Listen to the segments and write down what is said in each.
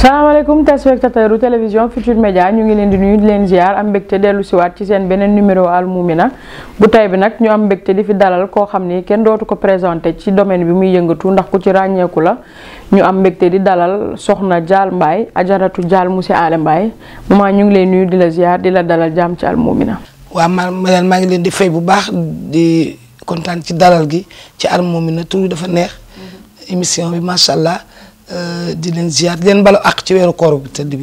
salaamaaleykum téléspectateur u télévision Futur Média ñu ngi leen di nuyu di leen ziar am mbégte dellu siwaat ci seen beneen numéro Al na bu tay bi nag ñu am mbégte di fi dalal koo xam ni kenn dootu ko présenté ci domaine bi muy yëngatu ndax ku ci ràññeeku la ñu am mbégte di dalal soxna Dial Mbaye ajaratu Dial monsieur Alé Mbaye maman ñu ngi leen nuyu di la ziar di la dalal jàmm ci Al Moumina waaw ma maa ngi leen di fay bu baax di kontaan ci dalal gi ci Al na tur dafa neex mm-hmm. émission bi macha allah Euh, di leen ziar di leen balu àq ci weeru koor bu tëdd bi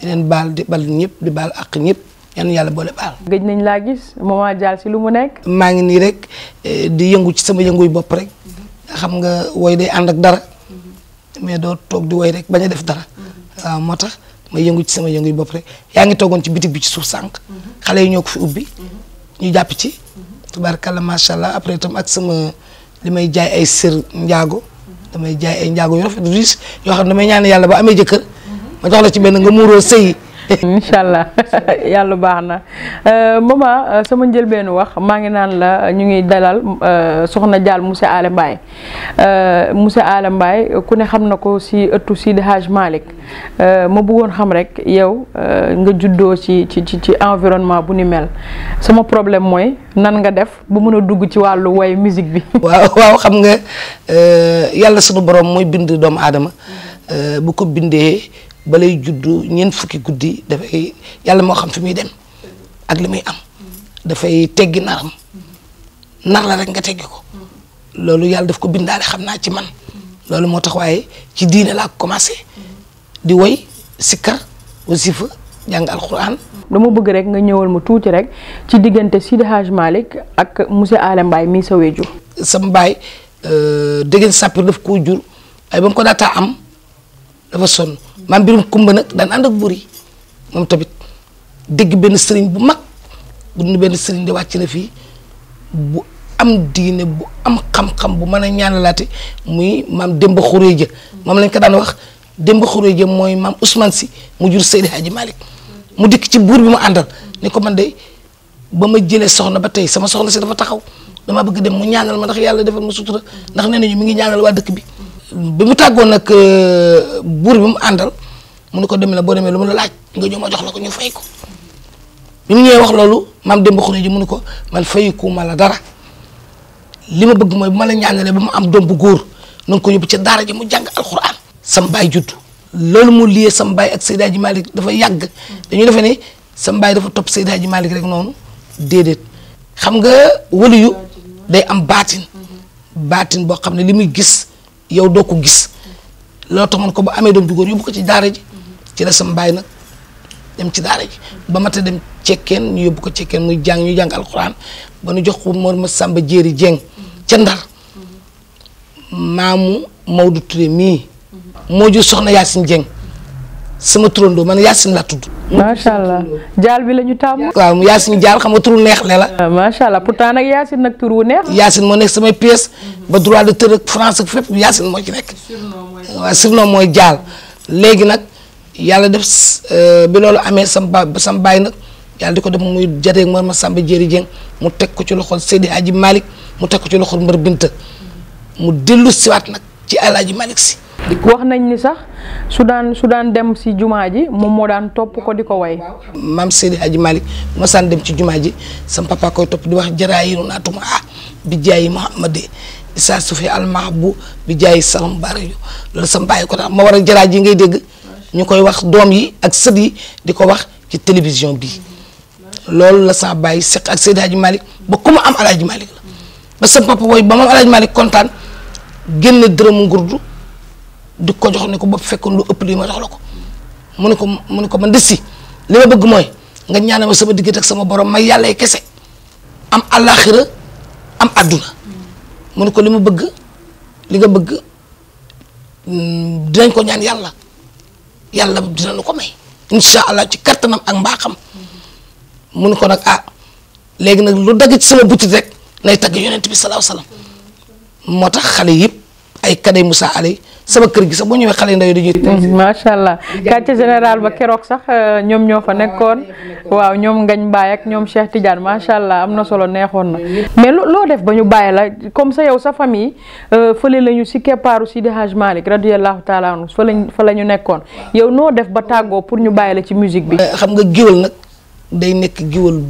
di leen baal di bal ñëpp di baal àq ñëpp yan yàlla boole baal. gëj nañ laa gis maman Dial ci lu mu nekk. maa ngi nii rek eh, di yëngu ci sama yënguy bopp rek xam nga woy day ànd ak dara mais doo toog di woy rek bañ def dara waaw moo tax ma yëngu ci sama yënguy bopp rek yaa ngi toogoon ci bitig bi ci suuf sànq. xale yi ñoo ko fi ubbi. ñu jàpp ci. tubaarkalla macha allah après itam ak sama li may jaay ay sër njaago. damay jaay ay njaago yu rafet riis yoo xam ne damay ñaan yàlla ba amee jëkkër ma jox la ci benn nga muuroo sëy incha allah yàlla baax na euh, mama euh, sama njëlbeenu wax maa ngi naan la ñu ngi dalal euh, soxna jaal monsieur Aly Mbaye monsieur Aly Mbaye ku ne xam na ko si si Sidi Hadj Malick ma buggoon xam rek yow nga juddoo ci ci ci environnement bu ni mel sama problème mooy nan nga def bu mun a dugg ci wàllu way musique bi. waaw waaw xam nga yàlla sunu borom mooy bind doomu aadama mm-hmm. bu ko bindee. balay juddu ñeent fukki guddi dafay yàlla moo xam fi muy dem ak li muy am dafay teggi naram nar la rek nga teggi ko loolu yàlla daf ko bindaale xam naa ci man loolu moo tax waaye ci diine commencé di woy sikkar wasifa jàng alquran dama bëgg rek nga ñëwal ma tuuti rek ci diggante Sidi Hadj ak monsieur Alla Mbaye mii sa wéju sam baay euh, dégg sapir daf koo jur waaye ba mu ko daataa am dafa sonn maam birum kumba nag daan ànd ak buur yi moom tamit dëgg benn sëriñ bu mag bu nu benn sëriñ di wàcc na fii bu am diine bu am xam-xam bu mën a ñaanalaate muy maam Demba Xuréja moom lañ ko daan wax Demba Xuréja mooy maam Ousmane si mu jur Seydi Hadji Malick mu dikk ci buur bi mu àndal ni ko man de ba ma jëlee soxna ba tey sama soxna si dafa taxaw damaa bëgg dem mu ñaanal ma ndax yàlla defal ma sutura ndax nee nañu mi ngi ñaanal waa dëkk bi bi mu tàggoon nag euh, buur bi mu àndal mu ne ko demee la boo demee lu mu la laaj nga ñëw ma jox la ko ñu fay ko bi mu ñëwee wax loolu maam Demba Khoury ji mu ne ko man fayiku ma la dara li ma bëgg mooy bu ma la ñaanalee ba mu am doom bu góor na nga ca daara ji mu jàng alxuraan. sam baay juddu loolu mu liyee sam baay ak Seydi Hadji Malick dafa yàgg dañuy defee ne sam baay dafa topp Seydi Hadji Malick rek noonu déedéet xam nga waliyu day am baatin baatin boo xam ne li muy gis yow doo ko gis loolu tax man ko ba amee doom bu góor yóbbu ko ci daara ji. ci la sam bàyyi nag dem ci daa ji ba mata dem cekkeen ñu yóbbu ko cekkeen muy jàng ñu jàng alxuraan ba nu jox ko Mor ma Samba Jéeri Jeng ca Ndar maamu Maodo Touré mii moo jur soxna Yacine Jeng sama turandoo man Yacine laa tudd. macha allah jaal bi la ñu tàmm. waaw Yacine jaal xam nga turu neex le la. Ah, macha allah pourtant nag Yacine nag turu neex. Yacine moo nekk samay pièces. ba droit de terre ak France ak fépp moo ci nekk. surnom mooy mooy jaal léegi nag. yàlla def euh, bi loolu amee sam ba sam bàyyi nag yàlla di ko def muy jatee mar ma Samba Jéeri Jeng mu teg ko ci loxol seddi aji malik mu teg ko ci loxol Mbër Binta mu dellu siwaat nag ci Alaaji Malick si wax nañ ni sax su daan su daan dem si jumaa ji moom moo daan topp ko di ko way maam Seydi Hadji Malick bu ma dem ci jumaa ji sam papa koy topp di wax jaraayiru naatuma ah bi jaayi Muhammadi isaa sufi almahbu bi jaayi salam barayu loolu sam ko tax ma war a jaraa ji ngay dégg ñu koy wax doom yi ak sët yi di ko wax ci télévision bi loolu la sa bàyyi seq ak Seydi Hadji Malick ba ku mu am Alaaji Malick la ba sa papa ba mu am Alaaji Malick kontaan génne dërëmu ngurdu di ko jox ne ko ba fekkoon lu ëpp lii ma jox ko mu ne ko mu ne ko man des si li bëgg mooy nga ñaanal ma sama diggante sama borom may yàlla kese am àllaaxira am àdduna mu ne ko li ma bëgg li nga bëgg mm, dinañ ko ñaan yàlla yàlla dina nu ko may incha allah ci kattanam ak mbaaxam mun ko nag ah léegi nag lu dagg ci sama butit rek nay tagg yonent bi salaaw salaam moo tax xale yëpp ay kaday Moussa Ali sama kër gi sax boo ñëwee xale ndaw yi dañuy. Mm, macha allah quartier général ba keroog sax euh, ñoom ñoo fa nekkoon waaw ñoom ngañ Baye ak ñoom Cheikh Tidiane macha allah am na solo neexoon na. mais loo def ba ñu bàyyi la comme sa yow sa famille euh, fële lañu si keppaaru si Hadj Malick radiyallahu taala anhu fa lañ fa la ñu nekkoon yow noo def ba tàggoo pour ñu bàyyi la ci musique bi. Euh, xam nga géwél nag day nekk géwél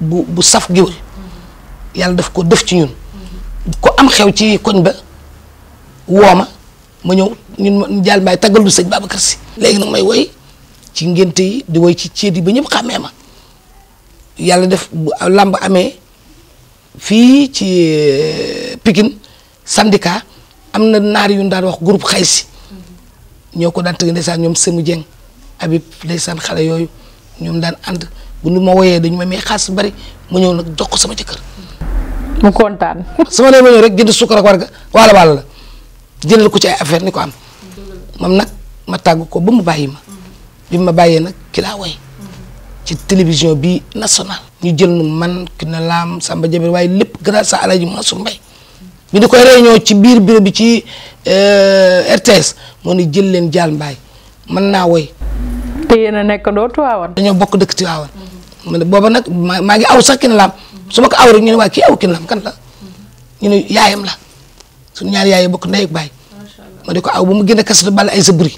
bu bu saf géwél yàlla daf ko def ci ñun ko am xew ci koñ ba wooma ma ñëw ñun ma Jaal Mbaay taggal du sëñ Babacar Si léegi nag may woy ci ngénte yi di woy ci ceet yi ba ñëpp xàmmee ma yàlla def làmb amee fii ci euh, Pikine syndicat am na naar yu ñu daan wax groupe xay si ñoo ko daan tëgg ndeysaan ñoom Semu Dieng Habib ndeysaan xale yooyu ñoom daan ànd bu nu ma woyee dañu ma may xaas bari mu ñëw nag jox ko sama jëkkër. mu kontaan. sama nee ma ñëw rek jënd suukar ak warga waala waala la. jëlal ko ci affair ni ko am moom nag ma tàgg ko ba mu bàyyi ma bi ma bàyyee nag ci laa ci télévision bi national ñu jël nu man ki na Samba Jaber waaye lépp grâce à Alaaji Mansour Mbaye bi ñu koy réunion ci biir bureau bi ci euh, RTS moo ni jël leen jaal mbaay mën naa woy te yéen a nekk doo Tiwaawan dañoo bokk dëkk Tiwaawan mu booba nag maa aw sax ki na su ma ko aw rek ñu ne waa aw ki na kan la ñu ne yaayam la suñu ñaari yaay bokk ndey ak ma ne ko aw ba mu génne kasetu Balla Aïssa Boury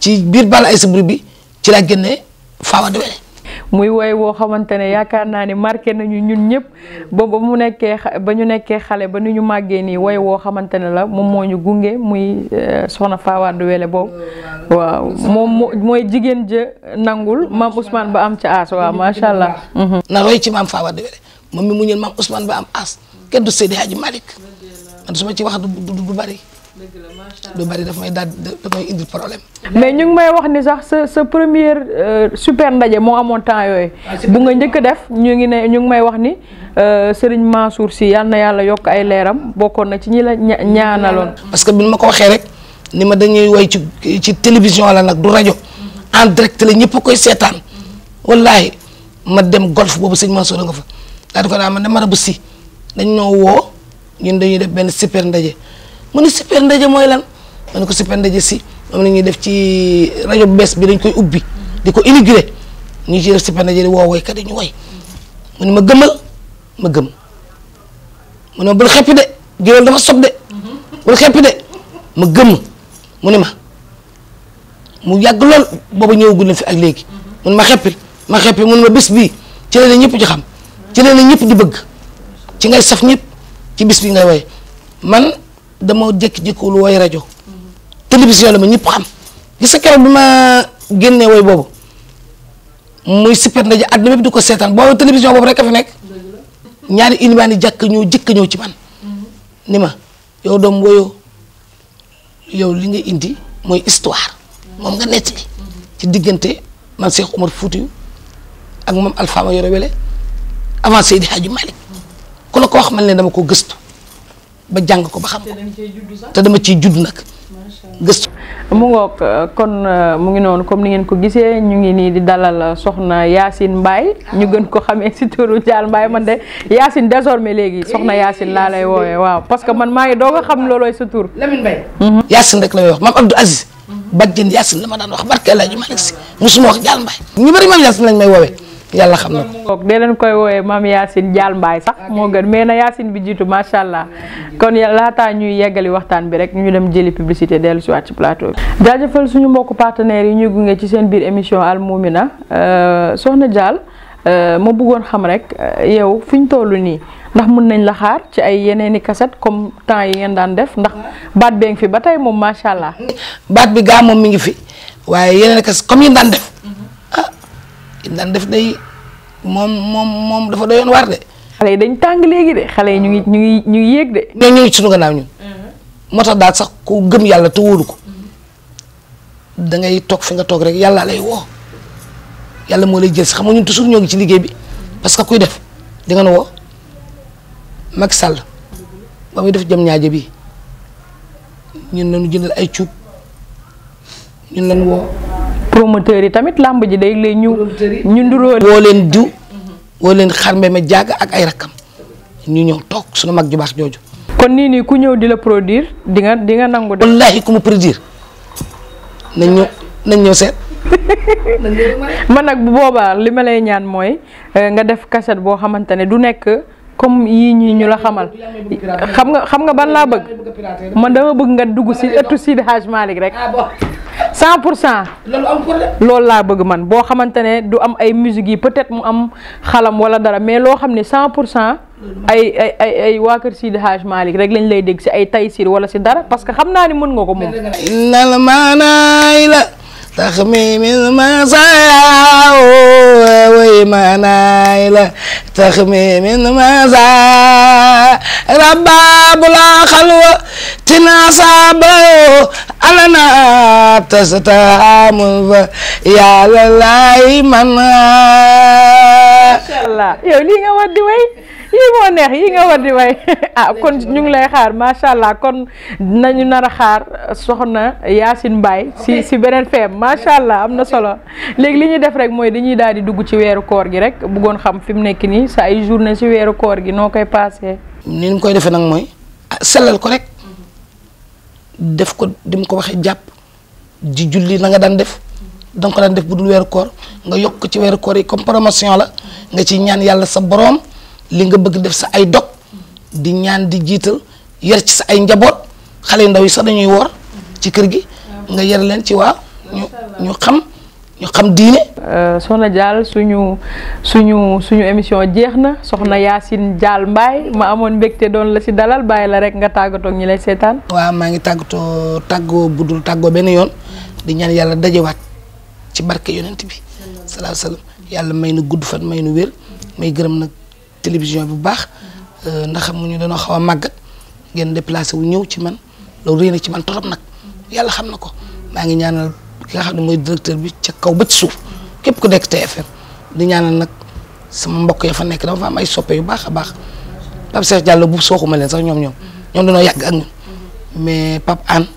ci biir Balla Aïssa Boury bi ci laa génne Faawa Dawele muy woy woo xamante ne yaakaar naa ne marqué nañu ñun ñëpp ba ba mu nekkee ba ñu nekkee xale ba nu ñu màggee nii woy woo xamante ne la moom moo ñu gunge muy euh, soxna Faawa Duwele boobu waaw moom mooy jigéen jë nangul maam Ousmane ba am ca aas waaw allah. na roy ci maam Faawa Duwele moom am aas kenn du Seydi Hadji Malick man su ci wax du du bari. dëgg la macha lu bari daf may daal daf may indil problème. mais ñu ngi may wax ni sax sa sa première euh, super ndaje moo amoon temps yooyu. Ah, bu nga njëkk def ñu ngi ne ñu ngi may wax ni euh, Serigne Mansour si yal na yàlla yokk ay leeram bokkoon na ci ñi la ñaanaloon. parce que bi ma ko waxee rek ni ma dañuy woy ci ci télévision la nag du rajo en direct la ñëpp koy seetaan wallahi ma dem golf boobu sëñ Mansour nga fa daal di ko naan man dama rabu si dañ noo woo ñun dañuy def benn super ndaje. mu ni super ndaje mooy lan ma ne ko super ndaje si moom la ñuy def ci rajo bees bi dañ koy ubbi di ko inauguré ñu ci def super ndaje di woo woykat yi ñu woy mu ne ma gëmal ma gëm mu ne ma de géwél dafa sob de ma gëm mu ne ma mu yàgg lool booba ñëwagul na fi ak léegi mu ne ma xeppi ma xeppi mu ne ma bis bii ci leen ñëpp ci xam ci leen ñëpp di bëgg ci ngay saf ñëpp ci bis bi ngay woy man dama jékki-jékkiwul woy rajo. télévision la ma ñëpp xam. gis nga keroog bi ma génnee woy boobu muy super ndaje àdduna bépp di ko seetaan boobu télévision boobu rek a fi nekk. ñaari ilimaani jàkk ñëw jëkk ñoo ci man. ni ma yow doom woyoo yow li nga indi mooy histoire. moom nga nettali. ci diggante man Cheikh Omar Foutiou ak moom Alpha ma yore wele avant Seydi Hadji Malick ku la ko wax man leen dama ko gëstu. ba jàng ko ba xam ko te dama ciy judd nag gëstu. mu ngoog euh, kon euh, mu ngi noonu comme ni ngeen ko gisee ñu ngi nii di dalal euh, soxna Yacine Mbaye ñu gën ko xamee si turu Dial Mbaye man de Yacine désormais léegi soxna Yacine laa lay woowe waaw parce que man maa ngi doog xam loolooy sa tur. Lamine Mbaye. Mhm. rek la may wax maam Abdou Aziz. Badiane Yacine la ma daan wax barke El Hadj Malick Sy musuma wax Dial Mbaye. ñu bëri maam Yacine lañ may woowee. yàlla xam na ko. dee leen koy woowee maam Yacine Dial mbaay sax moo gën mais na bi jiitu macha allah kon laataa ñuy yeggali waxtaan bi rek ñu dem jëli publicité dellu si waat ci plateau bi. jaajëfal suñu mbokku partenaires yi ñuy gunge ci seen biir émission Al Moumina euh, soxna Dial euh, ma buggoon xam rek euh, yow fi ñu toll nii ndax mun nañ la xaar ci ay yeneen i kaset comme temps yi ngeen daan def ndax baat bee ngi fi ba tey moom macha allah. baat bi gaa moom mi ngi fi naan def nay moom moom moom dafa doyoon waar dañ tàng léegi de xale yi ñu ngi ñu ngi ñu ngi yéeg de. ñoo ñëw mhm. sax ku gëm yàlla te ko. Mhm. da ngay toog fi nga toog rek yàlla lay woo. yàlla moo lay jël si xam nga ñun toujours ñoo ngi ci liggéey bi. Mhm. parce que kuy def di nga nu woo. Macky Sall ba muy def jëm ñaaje bi ñun lañu jëndal ay cuub ñun lañu woo. promoteurs yi tamit làmb ji day lay ñu ñu nduróo woo leen diw woo leen xarme ma jàgg ak ay rakkam ñu ñëw toog suñu mag ju baax jooju kon nii nii ku ñëw di la produire di nga di nga nangu de wallaahi ku mu produire nañ ñëw ñëw seet man nag bu boobaa li ma lay ñaan mooy eh, nga def cassette boo xamante ne du nekk comme yii ñii ñu la xamal xam nga xam nga ban laa bëgg man dama bëgg nga dugg si ëttu Sidi Hadj Malick rek ah cent pour cent loolu am loolu laa bëgg man boo xamante ne du am ay musique yi peut-être mu am xalam wala dara mais loo xam ne cent pour cent ay waa kër Sidi Hadj Malick rek lañ lay dégg si ay Taysir wala si dara parce que xam naa ni mën nga ko moom. تخميم المساء ويمنايل تخميم المساء رباب لا خلوة تناصابه ألنا تستهام يا لله من الله yow lii nga war di way yi moo neex yi nga war di way ah kon ñu ngi lay xaar macha allah kon nañu nar a xaar uh, soxna Yacine Mbaye si si beneen feem macha allah am na solo léegi li ñuy def rek mooy dañuy daal di dugg ci weeru koor gi rek buggoon xam fi mu nekk nii sa ay na ci weeru koor gi noo koy paasee. ni ñu koy defee nag mooy ah, sellal ko rek def ko dim ko waxee jàpp di julli na nga daan def. danga ko daan def bu dul weeru koor nga yokk ci weeru koor yi comme la nga ci ñaan yàlla sa boroom li nga bëgg def sa ay dog di ñaan di jiital yar ci sa ay njaboot xale ndaw yi sax dañuy woor ci kër gi nga yar leen ci waaw ñu xam ñu xam diine. Euh, soxna Dial suñu suñu suñu émission jeex na soxna Yacine jaal Mbaye ma amoon mbégte doon la si dalal bàyyi la rek nga tàggatoo ak ñi lay seetaan. waa maa ngi tàggatoo tàggoo bu dul tàggoo benn yoon di ñaan yàlla dajewaat ci barke yonent bi. salaam salaam yàlla may nu gudd fan may nu wér may gërëm nag. télévision bu baax euh, ndax xam ñu dañoo xaw a màggat ngeen déplacé wu ñëw ci man loolu réy ci man torop nag yàlla xam na ko maa ngi ñaanal ki nga xam ne mooy directeur bi ca kaw ba ci suuf képp ku nekk TFM di ñaanal nag sama mbokk ya fa nekk dama fa am ay soppe yu baax a baax Pape Cheikh Diallo bu sooxuma leen sax ñoom ñoom ñoom dañoo yàgg ak mais Pape Anne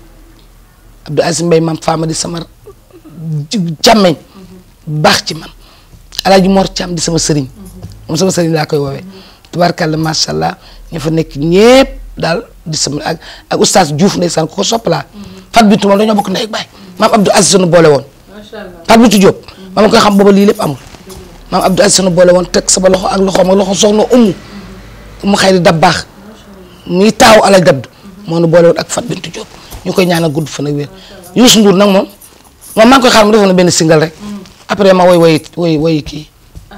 Abdou Aziz Mbaye maam Fama di sama jàmmeñ baax ci man Alaaji Mor Thiam di sama sëriñ moom sama sëriñ laa koy woowee tubaarkàlla macha allah ñu fa nekk ñépp daal di sama ak ak oustaz Diouf ndeysaan ku ko sopp bintu moom dañoo bokk ndey ak baay maam Abdou Aziz sunu boole woon fat bintu Diop maam xam booba lii lépp amul maam boole woon teg sama loxo ak loxoom ak loxo mu xëy di baax muy taaw alaj dabdu moo nu boole woon ak fat bintu Diop ñu koy ñaanal gudd fan ak wér Youssou Ndour xaar mu defoon benn single rek après ma woy woy woy woy kii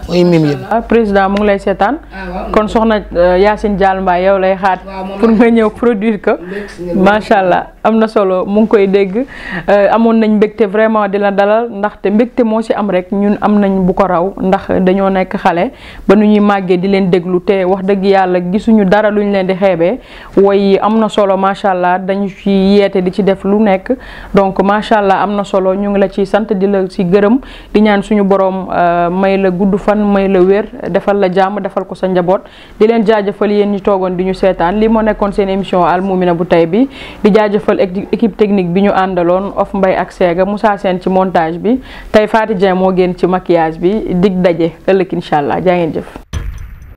mooy mim yëpp président mu ngi lay seetaan ah, kon soxna euh, Yacine Dial Mbaye yow lay xaat pour nga ñëw produire ko macha allah am na solo mu ngi koy dégg euh, amoon nañ mbégte vraiment di la dalal ndaxte mbégte moo ci am rek ñun am nañ bu ko raw ndax dañoo nekk xale ba nu ñuy màggee di leen déglu te wax dëgg yàlla gisuñu dara luñ leen di xeebee woy am na solo macha allah dañu ci yeete di ci def lu nekk donc macha allah am na solo ñu ngi la ci sant di la ci gërëm di suñu borom euh, may la kattan may la wér defal la jàmm defal ko sa njaboot di leen jaajëfal yéen ñi toogoon di ñu seetaan li moo nekkoon seen émission almumina bu tey bi di jaajëfal équipe technique bi ñu àndaloon of mbay ak seega Moussa seen ci montage bi tey Faty Dieng moo génn ci maquillage bi dig daje ëllëg incha allah jaa ngeen jëf